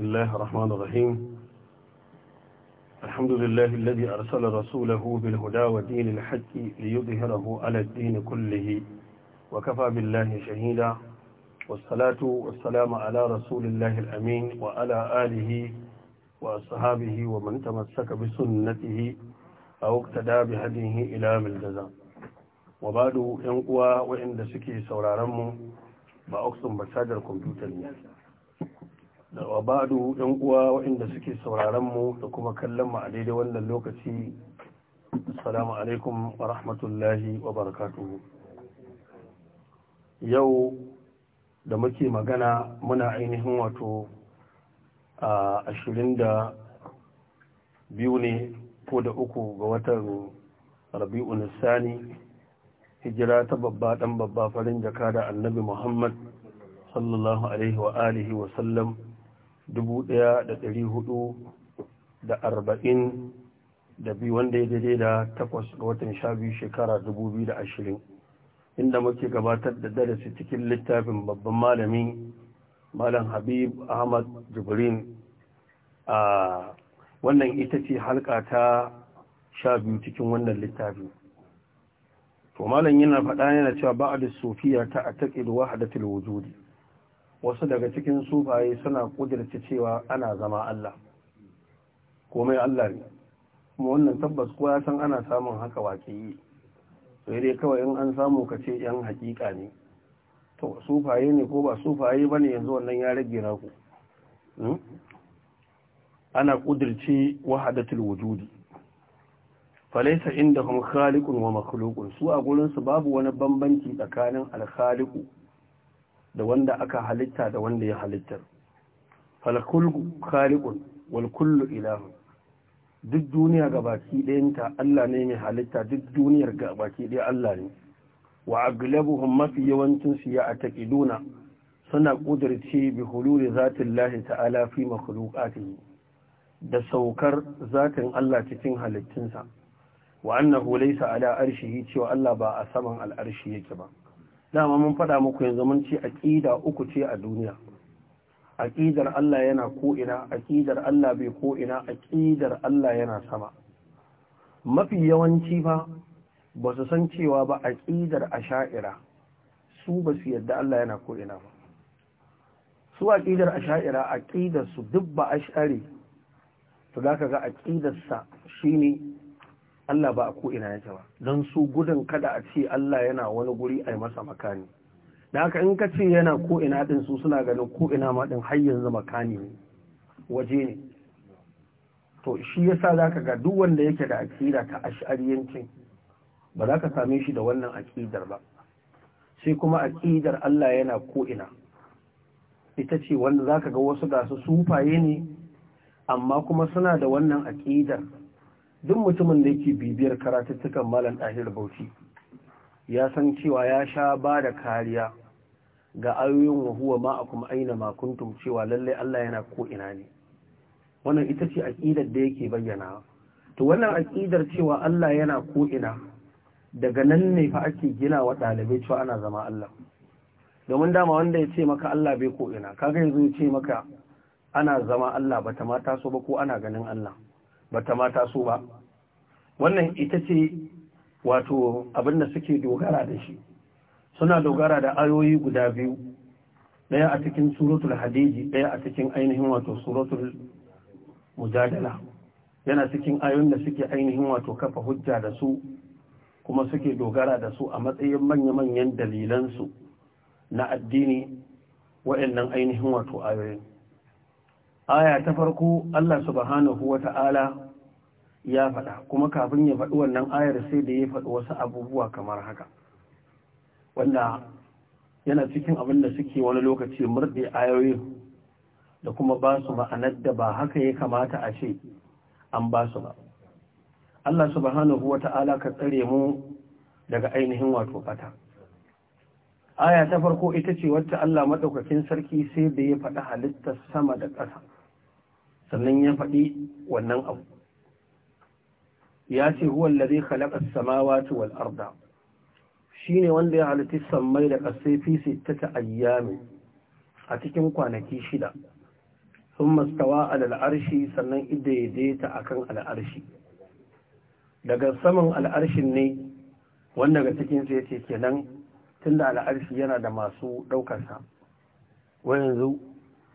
بسم الله الرحمن الرحيم الحمد لله الذي أرسل رسوله بالهدى ودين الحق ليظهره على الدين كله وكفى بالله شهيدا والصلاة والسلام على رسول الله الأمين وعلى آله وأصحابه ومن تمسك بسنته أو اقتدى بهديه إلى الجزاء وبعد ينقوى وإن دسكي سورارم بأقصم بسادر كمبيوتر da wabadu yan uwa waɗanda suke sauraron mu da kuma kallon mu a daidai wannan lokaci assalamu alaikum wa rahmatullahi wa barakatuhu yau da muke magana muna ainihin wato a ashirin da biyu ne ko da uku ga watan rabi'u nisani hijira ta babba dan babba farin jaka da annabi muhammad sallallahu alaihi wa alihi wa sallam Dubu ɗaya da da arba'in biyu wanda ya daidai da takwas ga watan sha biyu shekara ashirin inda muke gabatar da darasi cikin littafin babban malami malam habib ahmad jibrin a wannan ita ce halka ta sha biyu cikin wannan littafi to malam yana faɗa yana cewa ba'ad sufiya ta a da wahdatul wujudi wasu daga cikin sufaye suna kudirce cewa ana zama Allah komai Allah ne kuma wannan tabbas kowa san ana samun haka waƙi sai dai kawai in an samu ka ce yan hakika ne to sufaye ne ko ba sufaye bane yanzu wannan ya rage ku hmm? ana kudirce wahadatul wujudi falaisa indahum khaliqun wa makhluqun su a gurin su babu wani bambanci tsakanin al-khaliqu da wanda aka halitta da wanda ya halittar falkullu khaliqun wal kullu ilahu duk duniya gabaki dayanta, Allah ne mai halitta duk duniyar gabaki ɗaya Allah ne wa aglabuhum mafi yawancin su ya ataqiduna suna kudirce bi hululi zatin lahi ta'ala fi makhluqatihi da saukar zatin Allah cikin halittunsa wa annahu laysa ala arshihi cewa Allah ba a saman al'arshi yake ba dama mun faɗa muku yanzu mun ce aƙida uku ce a duniya aƙidar Allah yana ko ina, aƙidar Allah bai ko ina, aƙidar Allah yana sama mafi yawanci fa ba su san cewa ba aƙidar asha'ira su ba su yadda Allah yana ko ina ba su aƙidar asha'ira aƙidar su duk ba ash'ari to za ka ga aƙidarsa shine Allah ba a ko'ina yake ba don su gudun kada a ce Allah yana wani guri a yi masa makani da haka in ka ce yana ko'ina ɗin su suna ganin ko'ina ma ɗin har yanzu makani ne waje ne to shi yasa za ka ga duk wanda yake da aƙida ta ash'ariyancin ba za ka same shi da wannan aƙidar ba sai kuma aƙidar Allah yana ko'ina ita ce wanda za ka ga wasu gasu sufaye ne amma kuma suna da wannan aƙidar duk mutumin da yake bibiyar karatuttukan malam ɗahir bauchi ya san cewa ya sha ba da kariya ga ayoyin wahuwa ma a kuma aina makuntum cewa lallai Allah yana ko ina ne wannan ita ce aƙidar da yake bayyana to wannan aƙidar cewa Allah yana ko ina daga nan ne fa ake gina wa ɗalibai cewa ana zama Allah domin dama wanda ya ce maka Allah bai ko ina kaga yanzu ya ce maka ana zama Allah ba ta mata so ba ko ana ganin Allah bata mata su ba wannan ita ce wato abin da suke dogara da shi suna dogara da ayoyi guda biyu daya a cikin suratul hadiji daya a cikin ainihin wato suratul mujadala yana cikin ayoyin da suke ainihin wato kafa hujja da su kuma suke dogara da su a matsayin manya-manyan dalilansu na addini wa'annan ainihin wato ayoyin aya ta farko Allah subhanahu wa ta'ala ya faɗa kuma kafin ya faɗi wannan ayar sai da ya faɗi wasu abubuwa kamar haka wanda yana cikin abin da suke wani lokaci murɗe ayoyin da kuma ba su ma'anar da ba haka ya kamata a ce an ba su ba. Allah subhanahu wa ta'ala ka tsare mu daga ainihin wato fata. Aya ta farko ita ce wacce Allah maɗaukakin sarki sai da ya faɗi halittar sama da ƙasa. sannan ya faɗi wannan abu ya ce huwan zai khalaƙar samawa ta wal'arda shi ne wanda ya halarci sammai da ƙasai fisi ta ta'ayyami a cikin kwanaki shida sun mastawa al'arshi sannan idaidaita a kan al'arshi daga saman al'arshin ne wanda ga cikinsu ya ce kenan tun da al'arshi yana da masu ɗaukarsa wa yanzu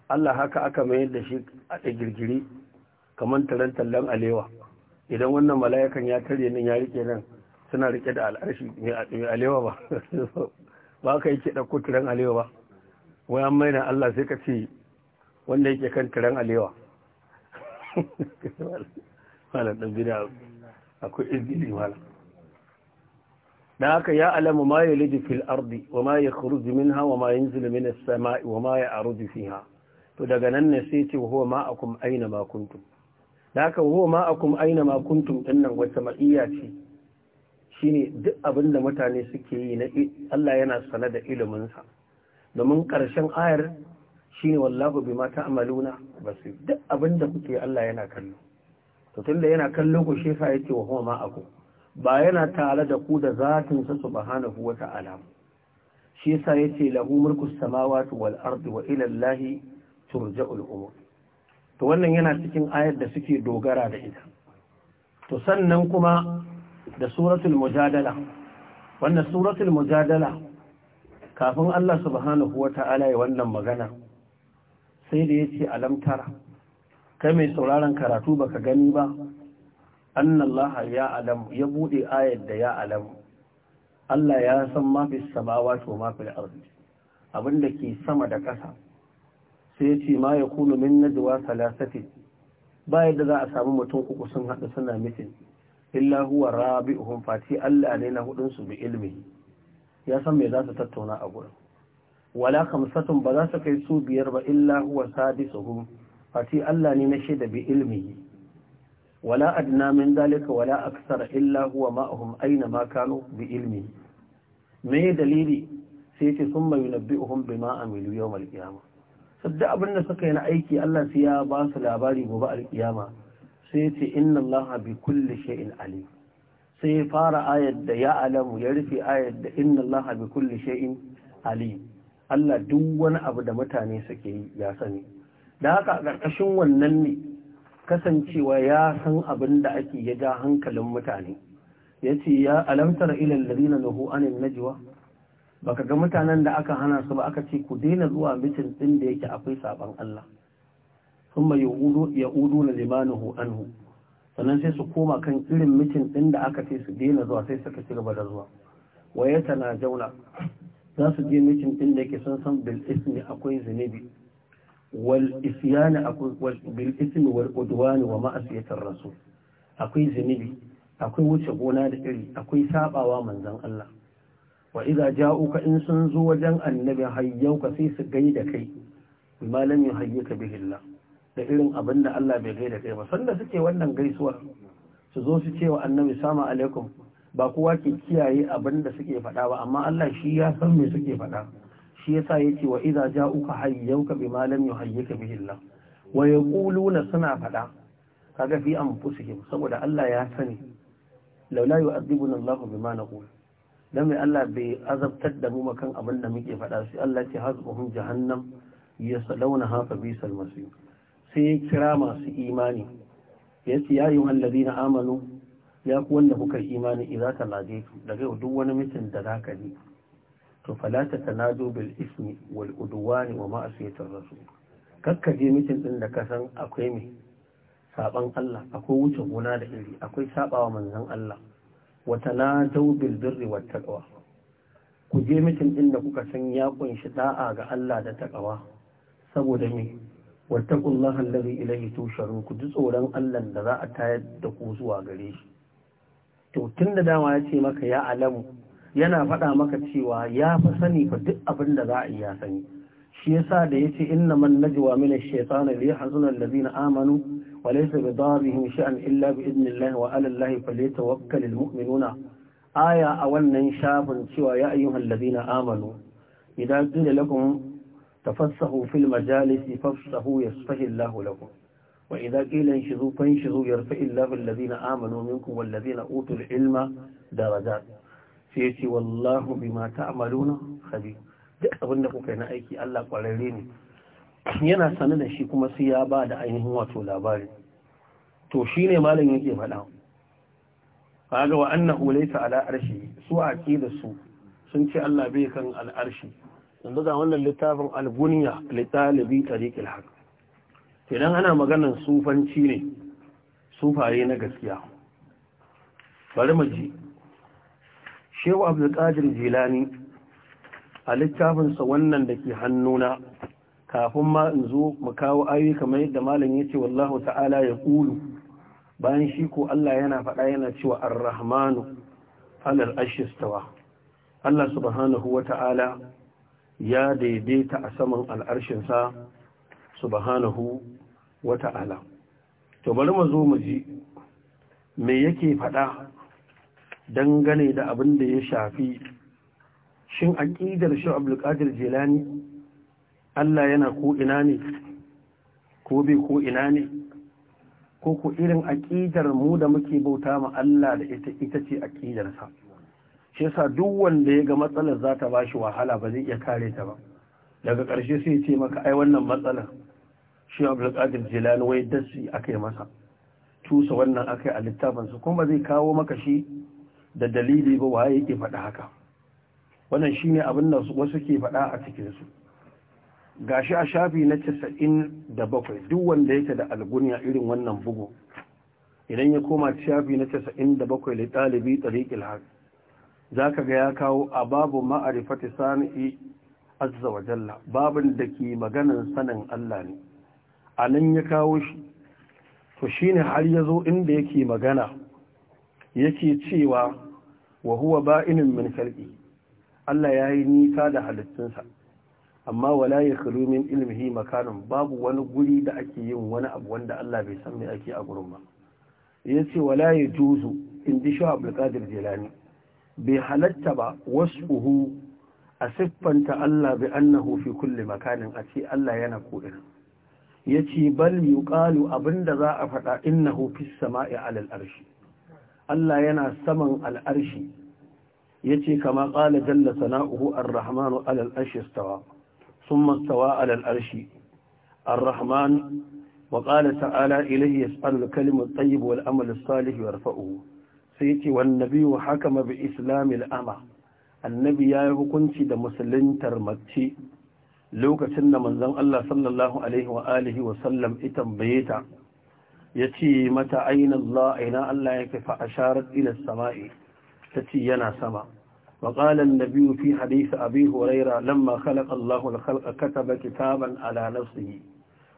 Allah haka aka mayar da shi a girgiri kamar taron tallan alewa idan wannan mala'ikan ya tare nan ya rike nan suna rike da al'arshi mai alewa ba ba ka yake ɗauko tiran alewa ba wai an mai Allah sai ka ce wanda yake kan tiran alewa malam ɗan bida akwai izgili malam da haka ya alamu ma ya liji fil ardi wa ma ya khuruji ha wa ma ya min zulumin samai wa ma ya fi ha to daga nan ne sai ce huwa akum aina ma kuntum da haka huwa aina ma kuntum din nan wata ma'iyya ce shine duk abin da mutane suke yi na Allah yana sana da ilimin sa domin karshen ayar shine wallahu bima ta'maluna basir duk abin da kuke Allah yana kallo to tunda yana kallo ku shi yasa yake wa huwa ma'akum ba yana tare da ku da zatin sa subhanahu wa ta'ala shi yasa yace lahu mulku samawati wal ardi wa ila allahi turja'ul umur to wannan yana cikin ayar da suke dogara da ita to sannan kuma da suratul mujadala wannan suratul mujadala kafin Allah subhanahu wata'ala ya wannan magana sai da yace alam tara kai mai sauraron karatu baka gani ba annallaha ya alam ya bude ayar da ya alam Allah ya san ma fi samawa to ma fi ardi abinda ke sama da ƙasa sai ce ma ya kuna min najwa salasati ba yadda za a samu mutum uku sun haɗu suna mitin illa huwa rabi'uhum fati Allah ne na hudunsu bi ilmi ya san me za su tattauna a gurin wala khamsatun ba za su kai su biyar ba illa huwa sadisuhum fati Allah ne na shida bi ilmi wala adna min dalika wala aksar illa huwa ma'ahum aina ma kanu bi ilmi me dalili sai ce sun mai yunabbi'uhum bima amilu yawmal qiyamah duk abin da suka yi na aiki Allah sai ya ba su labari gobe alkiyama sai ya ce inna Allah bi kulli shay'in sai ya fara ayar da ya alamu ya rufe ayar da inna Allah bi kulli shay'in ali Allah duk wani abu da mutane suke yi ya sani da haka a ƙarƙashin wannan ne kasancewa ya san abin da ake ya ja hankalin mutane ya ce ya alamtar ilal ladina nahu anin najwa baka ga mutanen da aka hana su ba aka ce ku daina zuwa mitin din da yake akwai saban Allah kuma ya udu na limanuhu anhu sannan sai su koma kan irin mitin din da aka ce su daina zuwa sai suka ci gaba da zuwa waye na jauna za su je mitin din da yake sun san bil ismi akwai zunubi wal isyana akwai bil ismi wal udwani wa ma'asiyatir rasul akwai zunubi akwai wuce gona da iri akwai sabawa manzon Allah wa iza ja'uka in sun zo wajen annabi hayyauka sai su gaida kai bima lam ka bihi Allah da irin abin da Allah bai gaida kai ba sanda suke wannan gaisuwa su zo su ce wa annabi sama alaikum ba kowa ke kiyaye abin da suke faɗa ba amma Allah shi ya san me suke faɗa shi yasa yace wa idza ja'uka hayyuka bima lam ka bihi Allah wa yaquluna suna faɗa kaga fi anfusihim saboda Allah ya sani laula yu'adhibuna Allahu bima naqul dan mai Allah bai azabtar da mu makan abin da muke faɗa sai Allah ce hasbuhum jahannam yaslawnaha fa bisal masir sai kira masu imani yace ya ayyuha na amanu ya ku wanda kuka imani idza talajaitu daga duk wani mutum da zaka ji to fala tatanadu bil ismi wal udwani wa ma'asiyatir rasul je mutum din da ka san akwai mai saban Allah akwai wuce gona da iri akwai sabawa manzon Allah Wata na bil birri wat taqwa ku je mutum din da kuka san ya kunshi da'a ga Allah da taqwa saboda me wattaqullaha allazi ilayhi tusharu ku ji tsoron Allah da za a tayar da ku zuwa gare shi to tun da dama ya ce maka ya alamu yana faɗa maka cewa ya fa sani fa duk abin da za a yi ya sani shi yasa da yace innaman najwa min ash shaytan li yahzuna allazina amanu وليس بضارهم شيئا إلا بإذن الله وعلى الله فليتوكل المؤمنون آية أولا شاب سوى يا أيها الذين آمنوا إذا قيل لكم تفسحوا في المجالس فافسحوا يصفه الله لكم وإذا قيل انشذوا فانشذوا يرفع الله الذين آمنوا منكم والذين أوتوا العلم درجات سيتي والله بما تعملون خبير duk abin da kuka yi na aiki Allah ƙwararre ne yana sane da shi kuma sai ya ba da ainihin wato labari to shi ne malin yake faɗa kaga wa annan laysa ala arshi su a ke da su sun ce Allah bai kan al'arshi. arshi yanzu ga wannan littafin alguniya littalibi li talibi idan ana maganan sufanci ne sufaye na gaskiya bari mu ji Shehu Abdul Qadir Jilani a littafinsa wannan da ke hannuna kafin ma in zo mu kawo ayoyi kamar yadda malam ya ce wallahu ta'ala ya kulu bayan shi ko Allah yana faɗa yana cewa ar-rahmanu alal ashistawa Allah subhanahu wa ta'ala ya daidaita a saman sa subhanahu wa ta'ala to bari mu zo mu ji me yake faɗa dangane da abin da ya shafi shin aqidar shi Abdul Qadir Jilani Allah yana ko ina ne ko bai ko ina ne ko ku irin aƙidar mu da muke bauta ma Allah da ita ita ce aƙidarsa shi yasa duk wanda ya ga matsalar za ta bashi wahala ba zai iya kare ta ba daga ƙarshe sai ce maka ai wannan matsalar shi Qadir Jilani wai dasi akai masa tusa wannan akai a littafin su kuma zai kawo maka shi da dalili ba waye yake faɗa haka wannan shine abin da wasu ke faɗa a cikin su gashi a shafi na 97 duk wanda yake da algunya irin wannan bugu idan ya koma shafi na 97 li talibi tariqil haq zaka ga ya kawo a babu ma'arifati sani azza wa jalla babin da ke maganan sanin Allah ne a nan ya kawo shi to shine har ya zo inda yake magana yake cewa wa huwa ba'inun min khalqi Allah yayi nisa da halittunsa amma wala ya khulu min ilmihi makanin babu wani guri da ake yin wani abu wanda Allah bai san me ake a gurin ba yace wala ya juzu in ji shaw abdul qadir bai halatta ba uhu. a siffanta Allah bai annahu fi kulli makanin a ce Allah yana ko'ina. Ya yace bal yuqalu abinda za a faɗa innahu na sama'i alal arshi Allah yana saman al'arshi yace kama ƙala jalla sana'uhu ar-rahmanu alal arshi istawa ثم استوى على العرش الرحمن وقال تعالى إليه يسأل الكلم الطيب والأمل الصالح يرفعه سيتي والنبي حكم بإسلام الأمة النبي يا كنت دا مسلم ترمتي لو كتن من زن الله صلى الله عليه وآله وسلم إتم بيتا يتي متى أين الله إنا الله يكفى أشارت إلى السماء تتي ينا سماء وقال النبي في حديث أبي هريرة لما خلق الله الخلق كتب كتابا على نفسه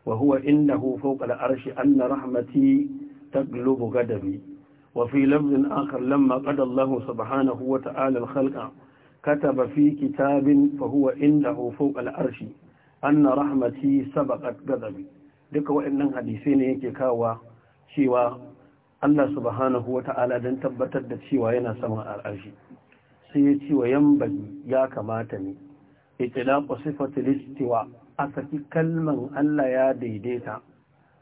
وهو إنه فوق العرش أن رحمتي تقلب غدبي وفي لفظ آخر لما قد الله سبحانه وتعالى الخلق كتب في كتاب فهو إنه فوق العرش أن رحمتي سبقت غدبي duka waɗannan hadisai ne yake kawa cewa Allah subhanahu wa ta'ala don tabbatar da cewa yana saman al'arshi sai ya ce wa yambali ya kamata ne itlaqu a saki kalman Allah ya daidaita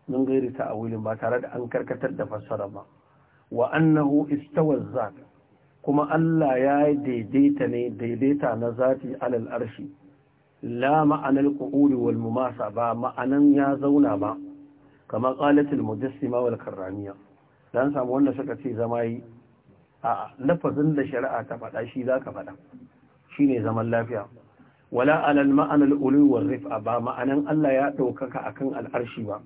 mun gairi ta awilin ba tare da an karkatar da fassara ba wa annahu istawa zat kuma Allah ya daidaita ne daidaita na zati alal arshi la ma'anar qu'ud wal mumasa ba ma'anan ya zauna ba kamar qalatul mujassima wal karramiya dan samu wanda suka ce zama yi A'a, lafazin da shari'a ta faɗa shi za ka faɗa shi ne zaman lafiya wala alal ma'anar uluwar rif'a ba ma'anan Allah ya ɗaukaka akan al'arshi ba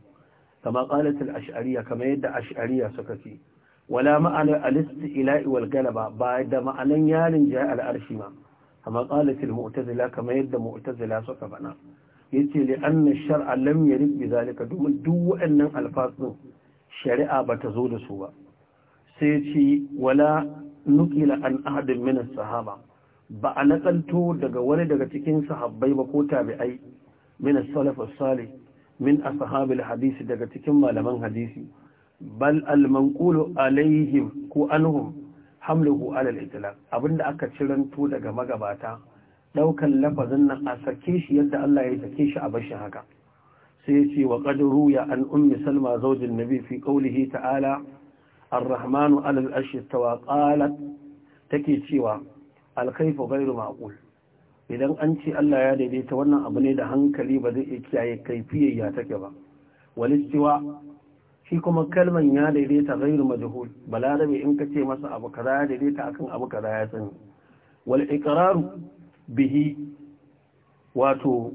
kama ƙalatul ash'ariya kama yadda ash'ariya suka ce wala ma'anar alisti'ila'i wal galaba ba da ma'anan yarin jaya al'arshi ba. kama ƙalatul mu'tazila kama yadda mu'tazila suka faɗa yace li na shar'a lam yarid bi zalika domin duk waɗannan alfasun shari'a bata zo da su ba sai ce wala nukila an ahadin min sahaba ba a nakalto daga wani daga cikin sahabbai ba ko tabi'ai min as-salaf as-salih min ashab al-hadisi daga cikin malaman hadisi bal al-manqulu ko anhum hamluhu ala al-itlaq abinda aka ciranto daga magabata daukan lafazin nan a sake shi yadda Allah ya sake shi a bashi haka sai ya ce wa qad ruya an ummi salma zawjin nabi fi qawlihi ta'ala ar-rahmanu alal arshi tawa qalat take cewa al-kayfu ghayru idan an ce Allah ya daidaita wannan abu ne da hankali ba zai iya kiyaye kaifiyar ya take ba walistiwa shi kuma kalman ya daidaita ghairu majhul balarabe in ka ce masa abu kaza ya daidaita akan abu kaza ya sani wal iqraru bihi wato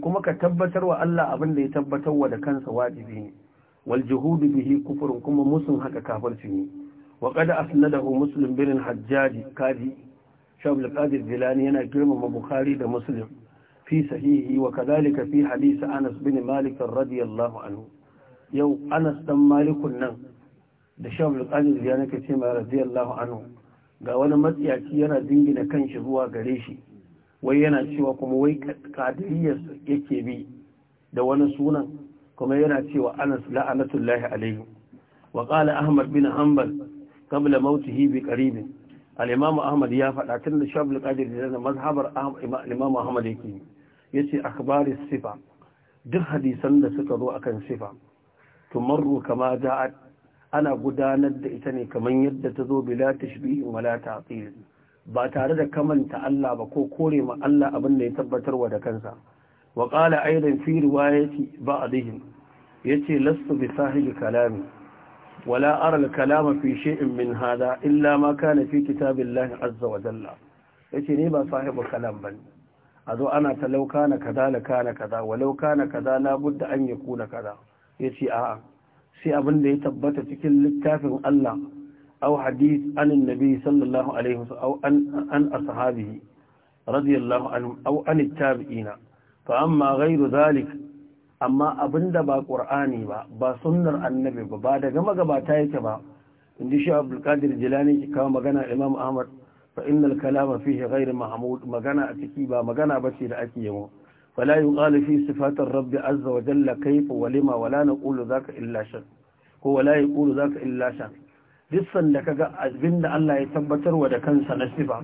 kuma ka tabbatar wa Allah abin da ya tabbatar wa da kansa wajibi ne wal juhudu bihi kufrun kuma musun haka kafirci ne wa qad asnadahu muslim birin hajjaji kadi shabul qadir jilani yana girmama bukhari da muslim fi sahihi wa kadhalika fi hadith anas bin malik radiyallahu anhu yau anas ɗan malikun nan da shabul qadir jilani kace ma radiyallahu anhu ga wani matsiyaci yana dingina kanshi zuwa gare shi wai yana cewa kuma wai kadiriyar yake bi da wani sunan kuma yana cewa anas la'anatullahi alaihi wa qala ahmad bin hanbal qabla mautihi bi qarib al-imam ahmad ya faɗa tun da shabul qadir da mazhabar imam ahmad yake yace akhbaris sifa duk hadisan da suka zo akan sifa tumarru kama ja'at ana gudanar da ita ne kamar yadda ta zo bila tashbihin wala ta'til ba tare da kamanta Allah ba ko kore ma Allah abin da ya tabbatarwa da kansa wa qala aidan fi riwayati ba'dihim yace lastu bi sahibi kalami wala ara kalama fi shay'in min hada illa ma kana fi kitabillahi azza wa jalla yace ne ba sahibi kalam bane a zo ana ta lauka na kaza na kana kaza walau kana kaza la budda an yakuna kaza yace a'a sai abin da ya tabbata cikin littafin Allah aw hadith anin nabi sallallahu an ashabihi radiyallahu anhu aw an tabi'ina fa amma ghayru zalik amma abinda ba qur'ani ba ba sunnar annabi ba da daga magabata yake ba inda shi abdul qadir jilani ki kawo magana imam ahmad fa innal kalama fihi ghayru mahmud magana a ciki ba magana ba ce da ake yawo wala yuqalu fi sifatir rabbi azza wa jalla kayf wa lima wala naqulu zaka illa shan ko wala yaqulu zaka illa shan dissan da kaga abinda Allah ya tabbatar wa da kansa na sifa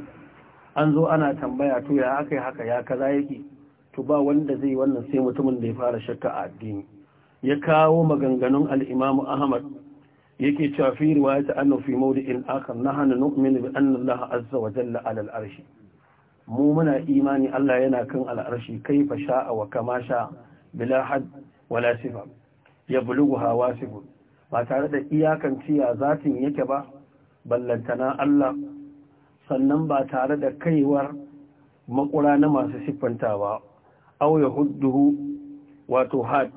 an zo ana tambaya to ya akai haka ya kaza yake to ba wanda zai wannan sai mutumin da ya fara shakka a addini ya kawo maganganun al-Imam Ahmad yake cewa fi riwayat annu fi mawdi'in akhar nahana nu'minu bi anna Allah azza wa jalla 'ala al-arshi mu muna imani Allah yana kan al'arshi kaifa sha'a wa kama sha bila had wala sifa ya bulugu hawa sifu ba tare da iyakan ciya zatin yake ba ballantana Allah sannan ba tare da kaiwar makura na masu siffantawa aw hudduhu wato had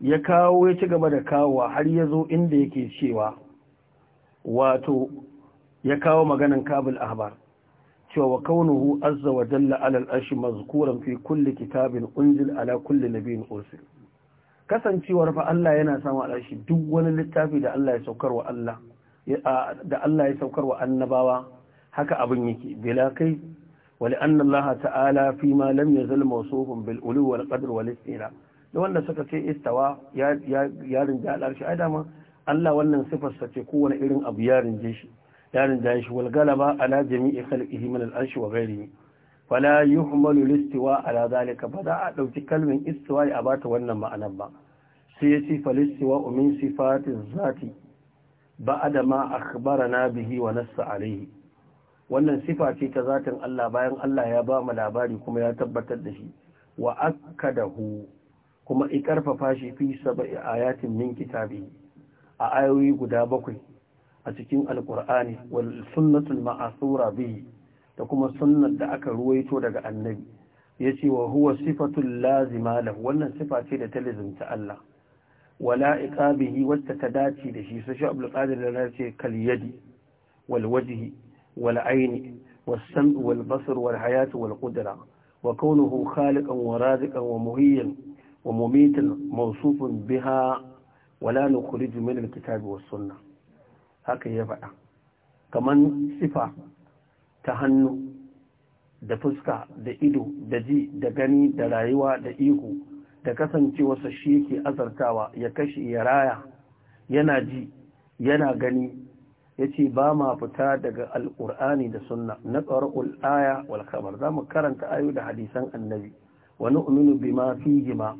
ya kawo ya ci gaba da kawo har ya zo inda yake cewa wato ya kawo maganan kabul ahbar cewa wa kaunuhu azza wa jalla alal arshi mazkuran fi kulli kitabin unzil ala kulli nabiyyin ursil kasancewar fa Allah yana samu al'arshi duk wani littafi da Allah ya saukar wa Allah da Allah ya saukar wa annabawa haka abin yake bila kai ولأن الله تعالى malam لم يزل موصوف بالألو والقدر والاستيلاء da wanda suka ce istawa ya rinja al'arshi ai dama Allah wannan sifarsa ce kowane irin abu ya rinje shi ya rinja shi wal galaba ala jami'i khalqihi min al'arshi wa ghairihi fala yuhmalu listiwa ala zalika ba za a ɗauki kalmin istiwa ya bata wannan ma'anar ba sai ya ce falistiwa min sifatiz zati ba'da ma akhbarana bihi wa nassa alayhi wannan sifa ce ta zatin Allah bayan Allah ya ba mu labari kuma ya tabbatar da shi wa akkadahu kuma i karfafa shi fi sab'i ayatin min kitabi a ayoyi guda bakwai a cikin alqur'ani wal sunnatul ma'asura bihi da kuma sunnar da aka ruwaito daga annabi yace wa huwa sifatul lazima lahu wannan sifa ce da ta lazimta Allah wala iqabihi wacce ta dace da shi sai Abdul Qadir da ce kal yadi wal wajhi والعين والسمع والبصر والحياة والقدرة وكونه خالقا ورازقا ومهيا ومميتا موصوف بها ولا نخرج من الكتاب والسنة هكذا يبقى كمان صفة تهنو da fuska da ido da ji da gani da rayuwa da ihu da kasancewarsa shi yake azartawa ya kashe ya raya yana ji yana gani ya ce ba ma fita daga alƙur'ani da sunna na tsawar ulaya, wal za mu karanta ayu da hadisan annabi Wani nu'minu bima fihi ma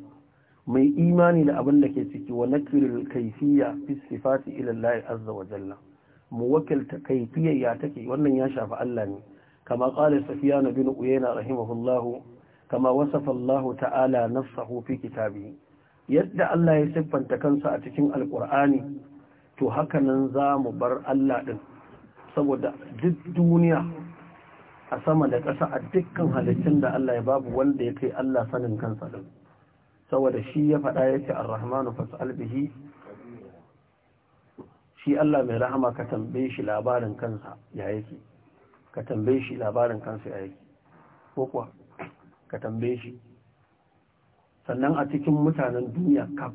mai imani da abin da ke ciki wa nakirul kaifiya fi sifati ila azza wa jalla mu wakilta kayfiyya ya take wannan ya shafi Allah ne kama qala sufyan bin uyayna rahimahullahu kama wasafa Allahu ta'ala nafsahu fi kitabihi yadda Allah ya siffanta kansa a cikin alƙur'ani to haka nan za mu bar Allah ɗin saboda duk duniya a sama da ƙasa a dukkan halittun da Allah ya babu wanda ya kai Allah sanin kansa ɗin saboda shi ya faɗa ya ce arrahmanu fas'al bihi shi Allah mai rahama ka tambaye shi labarin kansa ya yake ka tambaye shi labarin kansa ya yake ko kuwa ka tambaye shi sannan a cikin mutanen duniya kaf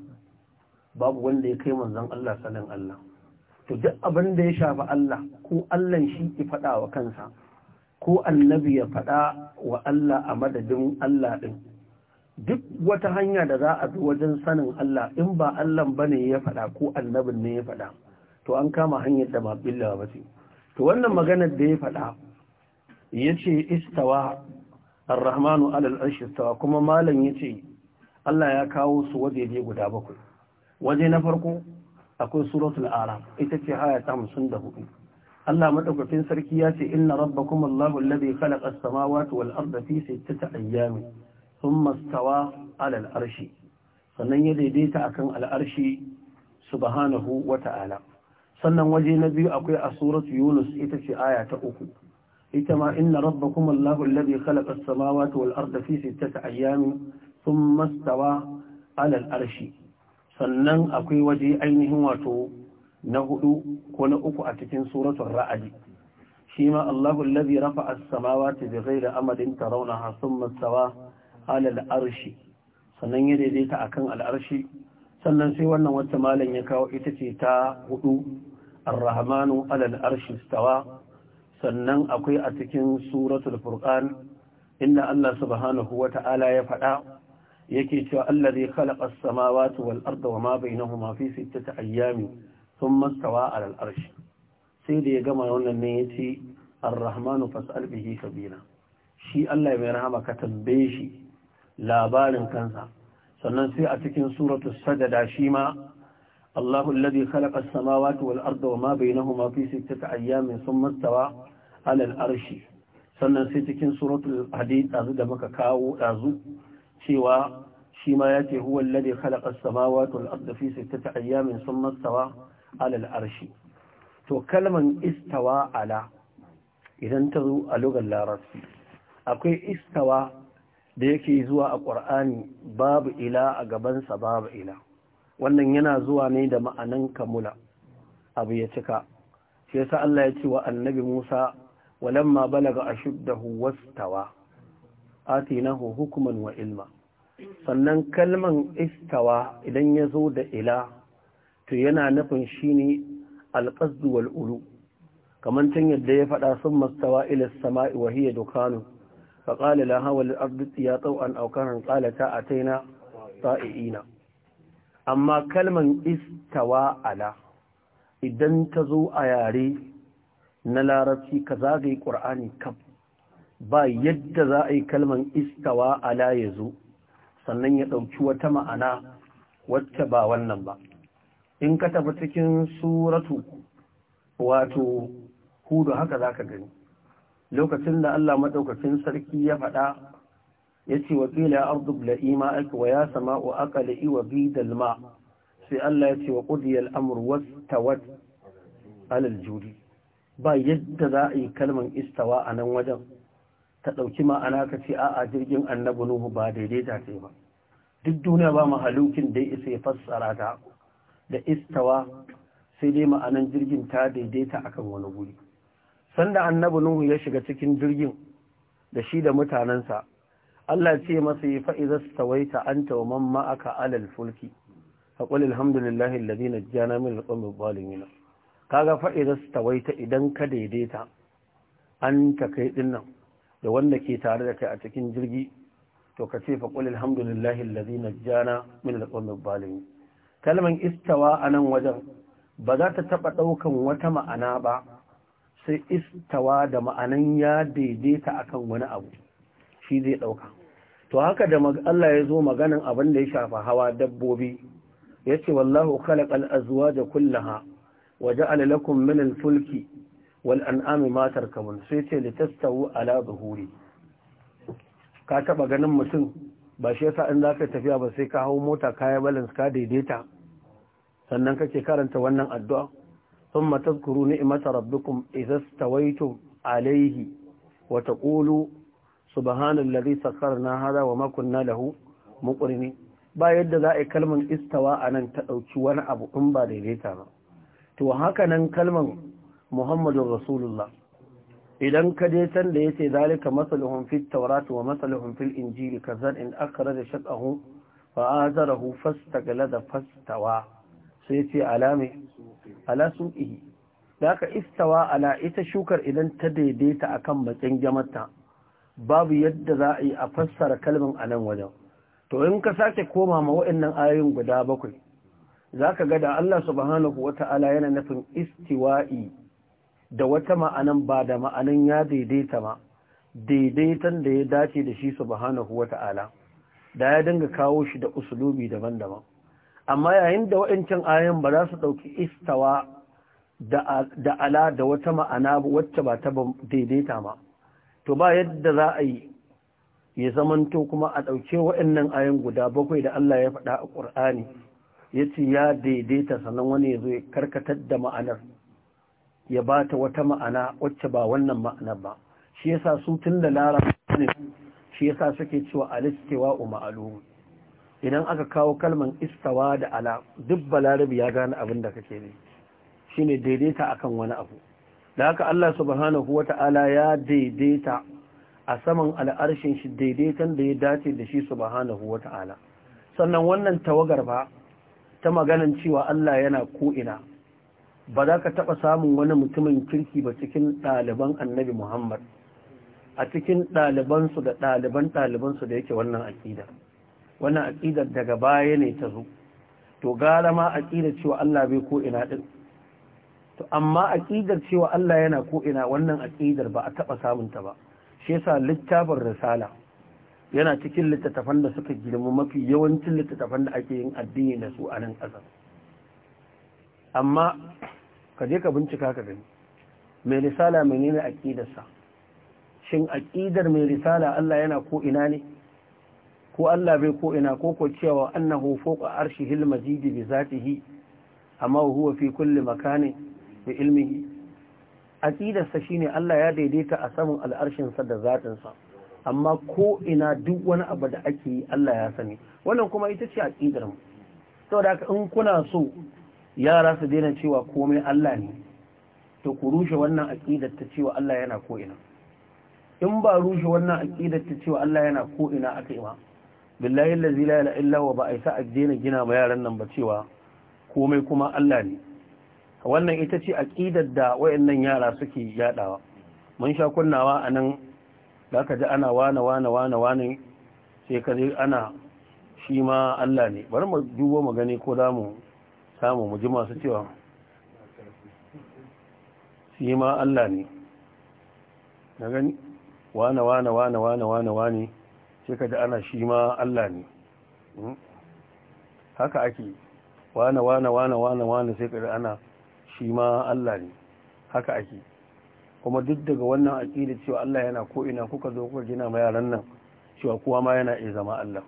babu wanda ya kai manzon Allah sanin Allah to duk abin da ya shafi Allah ko Allah shi ki faɗa wa kansa ko annabi ya faɗa wa Allah a madadin Allah din? duk wata hanya da za a bi wajen sanin Allah in ba Allah bane ya faɗa ko annabin ne ya faɗa to an kama hanyar da ba billawa ba ce to wannan maganar da ya faɗa yace ce istawa ar-rahmanu alal arshi istawa kuma malam yace Allah ya kawo su wajeje guda bakwai waje na farko akwai suratul araf ita ce haya ta da hudu Allah madaukakin sarki ya ce inna rabbakum Allahu alladhi khalaqa as-samawati wal arda fi sittati ayyamin thumma istawa 'ala al-arshi sannan ya daidaita akan al-arshi subhanahu wa ta'ala sannan waje na biyu akwai a suratu yunus ita ce aya ta uku ita ma inna rabbakum allahu alladhi khalaqa as-samawati wal arda fi sittati ayyamin thumma istawa 'ala al-arshi sannan akwai waje ainihin wato na hudu ko na uku a cikin suratun ra'adi shi ma Allahu allazi rafa'a as-samawati da amadin ta rauna istawa 'ala halal arshi sannan ya daidaita akan kan al'arshi, sannan sai wannan wacce malam ya kawo ita ce ta hudu arrahmanu rahmanu 'ala arshi istawa sannan akwai a cikin suratul furqan inda Allah subhanahu wata'ala ya faɗa yake cewa allazi khalaqa as-samawati wal arda wama bainahuma fi sittati ta ayyami sun mastawa al-arsh sai da ya gama wannan ne yace ar-rahmanu fas'al bihi shi Allah mai rahama ka tambaye shi labarin kansa sannan sai a cikin suratul sajada shi ma Allahu allazi khalaqa as-samawati wal arda wama bainahuma fi sittati sannan sai cikin suratun hadid da muka kawo ɗazu cewa shi ma ya ce huwa alladhi khalaqa as-samawati wal su fi sittati ayyamin sun istawa alal arshi to kalman istawa ala idan ta zo a lugar larabci akwai istawa da yake zuwa a ƙwar'ani babu ila a gabansa babu ila wannan yana zuwa ne da ma'anan kamula abu ya cika shi yasa Allah ya ce wa annabi Musa walamma balaga ashuddahu wastawa atina hukuman wa ilma sannan kalman istawa idan ya zo da ila to yana nufin shine alqasd wal ulu kamar tan yadda ya faɗa sun mastawa ila samai wa hiya dukanu fa qala laha wal ardi ya taw'an aw karan qalata ataina sa'iina amma kalman istawa ala idan ta zo a yare na larabci ka zagaye ƙur'ani kaf ba yadda za a yi kalman istawa ala ya zo sannan ya ɗauki wata ma'ana wacce ba wannan ba in ka tafi cikin suratu wato hudu haka za ka gani lokacin da Allah maɗaukacin sarki ya faɗa ya ce wa ƙila ardu ma aiki wa ya sama aka la'i wa bi dalma sai Allah ya ce wa ƙudiyar wata wastawat alal juri ba yadda za a yi kalman istawa a nan wajen ta ɗauki ma'ana ka ce a'a jirgin annabi nuhu ba daidaita ce ba duk duniya ba mahalukin da ya isa ya fassara ta da istawa sai dai ma'anan jirgin ta daidaita akan wani guri sanda annabi nuhu ya shiga cikin jirgin da shi da mutanensa Allah ce masa ya yi fa'iza stawaita an tauman ma'aka alal fulki a ƙwal alhamdulillahi lalina jana min alƙwamar balimina kaga fa'iza stawaita idan ka daidaita an ta kai ɗinnan da wanda ke tare da kai a cikin jirgi to ka ce faƙul alhamdulillahi allazi najjana min al-qawmil zalimin kalman istawa anan wajen ba za ta taba daukan wata ma'ana ba sai istawa da ma'anan ya daidaita akan wani abu shi zai dauka to haka da Allah ya zo maganan abin da ya shafa hawa dabbobi yace wallahu khalaqal azwaja kullaha waja'ala lakum min al-fulki wal matar kamun sai ce li tastawu ala zuhuri ka taɓa ganin mutum ba shi yasa in za ka tafiya ba sai ka hau mota kaya balance ka daidaita sannan kake karanta wannan addu'a thumma tadhkuru ni'mata rabbikum idza stawaytum alayhi wa lari sakar na hada wa makon na lahu muqrinin ba yadda za a yi kalmar istawa a nan ta ɗauki wani abu in ba daidaita ba to haka nan kalmar muhammadun rasulullah idan ka je can da yace zalika masaluhum fit Tauratu wa masaluhum fil injili kazan in akhraja shaqahu fa gala da fastawa sai yace alame ala suqihi laka istawa ala ita shukar idan ta daidaita akan matsayin jamata babu yadda za a yi a fassara kalmin a nan wajen to in ka sake koma ma waɗannan ayoyin guda bakwai zaka ga da Allah subhanahu wata'ala yana nufin istiwa'i da wata ma'anan ba da ma'anan ya daidaita ma daidaitan da ya dace da shi subhanahu ta'ala, da ya dinga kawo shi da usulubi daban-daban amma yayin da waɗancan ayan ba za su ɗauki istawa da ala da wata ma'ana wacce ba ta daidaita ma to ba yadda za a yi ya zamanto kuma a ɗauke waɗannan ayan guda bakwai da Allah ya faɗa a ƙur'ani ya ce ya daidaita sannan wani ya zo ya karkatar da ma'anar ya ba ta wata ma'ana wacce ba wannan ma'ana ba shi yasa su tun da larabci ne shi yasa suke cewa alistewa u ma'alu idan aka kawo kalman istawa da ala duk balarabi ya gane abin da kake ne shine daidaita akan wani abu da haka Allah subhanahu wata'ala ya daidaita a saman al'arshin shi daidaitan da ya dace da shi subhanahu wata'ala sannan wannan tawagar ba ta maganan cewa Allah yana ko'ina ba za ka taɓa samun wani mutumin kirki ba cikin ɗaliban annabi Muhammad a cikin ɗalibansu da ɗaliban ɗalibansu da yake wannan aƙidar. wannan aƙidar daga baya ne ta zo to gara ma aƙidar cewa Allah bai ko ina ɗin to amma aƙidar cewa Allah yana ko ina wannan aƙidar ba a taɓa samun ta ba shi yasa littafin risala yana cikin littattafan da suka girma mafi yawancin littattafan da ake yin addini da su a nan ƙasar amma ka je ka bincika ka gani mai risala nuna aƙidarsa shin aƙidar mai risala Allah yana ko ina ne ko Allah bai ko ina ko ko cewa annahu fawqa arshihil majid bi zatihi amma huwa fi kulli makani bi ilmihi aqidarsa shine Allah ya daidaita a saman al'arshin sa da zatansa, amma ko ina duk wani abu da ake yi Allah ya sani wannan kuma ita ce aqidar mu saboda in kuna so yara su daina cewa komai Allah ne to ku rushe wannan aqidar ta cewa Allah yana ko ina in ba rushe wannan aqidar ta cewa Allah yana ko ina aka yi ma billahi allazi la ilaha illa huwa ba a sa addini gina ba yaran nan ba cewa komai kuma Allah ne wannan ita ce aqidar da wayannan yara suke yadawa mun sha kunnawa anan zaka ka ji ana wana wana wana wane sai ka ana shi ma Allah ne bari mu dubo mu gani ko zamu samu mu ji masu cewa shi ma Allah ne na gani wane wane wane wane wane wane sai ka ji ana shi ma Allah ne hmm? haka ake wane wane wane wane wane sai ka ji ana shi ma Allah ne haka ake kuma duk daga wannan aƙida cewa Allah yana ko ina kuka zo kuka gina ma yaran nan cewa kowa ma yana iya zama Allah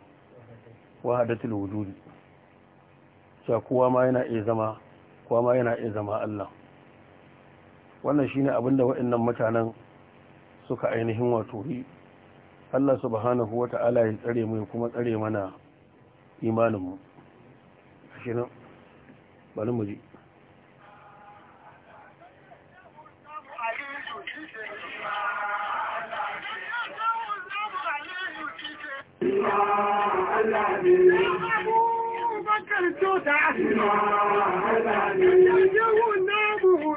wahadatul wujudi cewa kowa ma yana iya zama kowa ma yana iya zama Allah wannan shine abin da waɗannan mutanen suka ainihin wato yi Allah subhanahu wata'ala ya tsare mu kuma tsare mana imanin mu shirin bari mu ji Allah ẹni tí ó dáa sí ẹni tí ó wù náà mú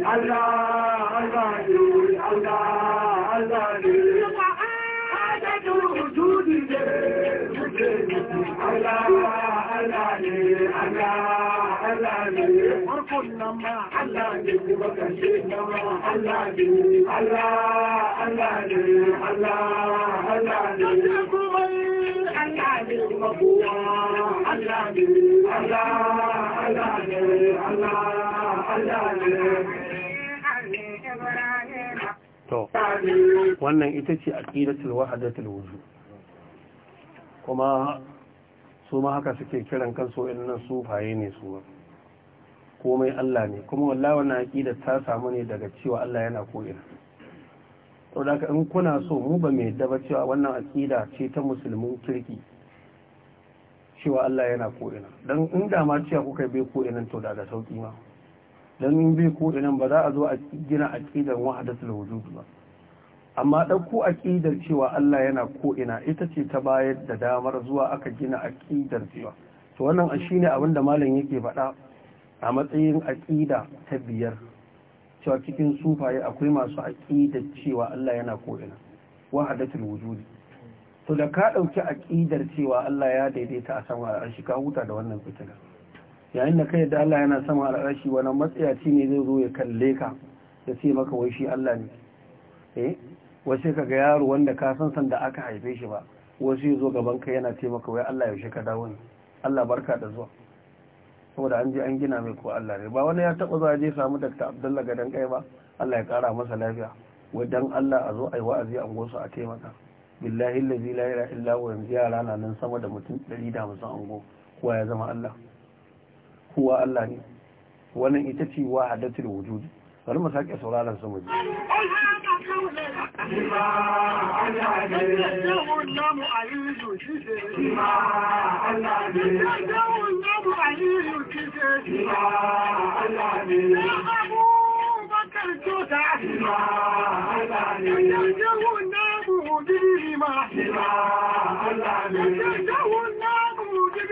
الله الله الله الله حاجة وجودي الله الله الله الله ارقد لما الله وكشف لما الله الله الله الله الله Allah Allah Allah Allah to wannan ita ce aqidatul wahdatul wujud kuma su ma haka suke kiran kansu innan sufaye ne su komai Allah ne kuma wallahi wannan aqida ta samu ne daga cewa Allah yana ko'ina to da in kuna so mu ba mai daba cewa wannan aqida ce ta musulmin kirki cewa Allah yana ko'ina dan in da ma cewa kuka bai ko'inan to da sauki ma don bi ko inan ba za a zo a gina aƙidar wahadatul wujud ba amma ɗauko aƙidar cewa Allah yana ko ina ita ce ta bayar da damar zuwa aka gina aƙidar cewa to wannan shine abin da malam yake faɗa a matsayin aƙida ta biyar cewa cikin sufaye akwai masu aƙidar cewa Allah yana ko ina wahadatul wujud to da ka ɗauki aƙidar cewa Allah ya daidaita a sama a ka huta da wannan fitilar yayin da kai da Allah yana sama al'arashi wannan matsayaci ne zai zo ya kalle ka ya ce maka wai shi Allah ne eh wace kaga yaro wanda ka san san da aka haife shi ba wasu ya zo gaban ka yana ce maka wai Allah yaushe ka dawo ne Allah barka da zuwa saboda an je an gina mai ko Allah ne ba wani ya taba zuwa je samu Dr. Abdullahi Gadan kai ba Allah ya kara masa lafiya wadan Allah a zo ai wa'azi an gosu a taimaka billahi allazi la ilaha illa huwa yanzu yara na nan sama da mutum 150 an go kowa ya zama Allah kowa Allah ne wannan ita ce wahadatul wujud bari mu sake sauraron su mu Allah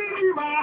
Allah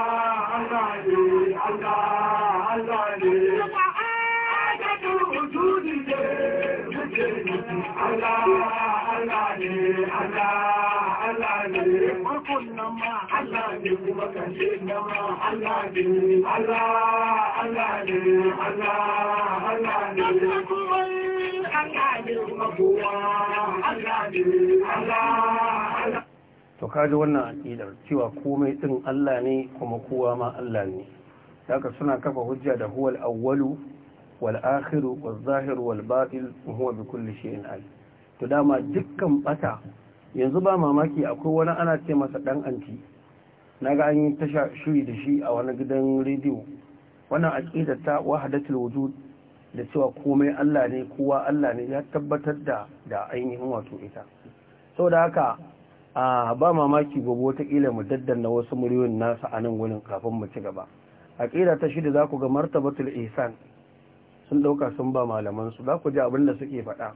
ne ka to kaji wannan aƙidar cewa komai ɗin Allah ne kuma kowa ma Allah ne haka suna kafa hujja da huwal awwalu wal akhiru wal zahir wal batil huwa bi kulli shay'in alim to dama dukkan bata yanzu ba mamaki akwai wani ana ce masa dan anti na ga an yi tasha shiri da shi a wani gidan rediyo wannan aƙida ta wahadatul wujud da cewa komai Allah ne kowa Allah ne ya tabbatar da da ainihin wato ita saboda haka a ba mamaki gobe wata kila mu daddanna wasu muryoyin nasa a nan gurin kafin mu ci gaba aƙida ta shida za ku ga martabatul ihsan sun ɗauka sun ba malaman su za ku ji abin da suke faɗa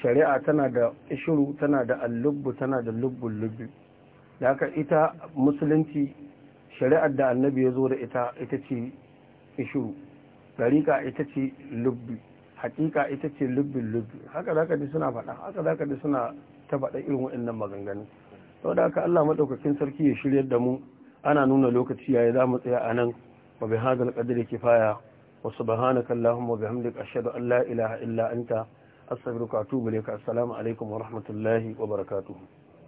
shari'a tana da ishuru tana da allubu tana da lubbun lubbi da aka ita musulunci shari'ar da annabi ya zo da ita ita ce ishu dariƙa ita ce lubbi haƙiƙa ita ce lubbin lubbi haka za ka ji suna faɗa haka za ka ji suna ta faɗa irin waɗannan maganganu da aka Allah maɗaukakin sarki ya shirya da mu ana nuna lokaci yayi za mu tsaya a nan wa bi hadal qadri kifaya wa subhanaka allahumma wa bihamdika ashhadu an la ilaha illa anta astaghfiruka wa atubu ilaik assalamu alaikum wa rahmatullahi wa barakatuh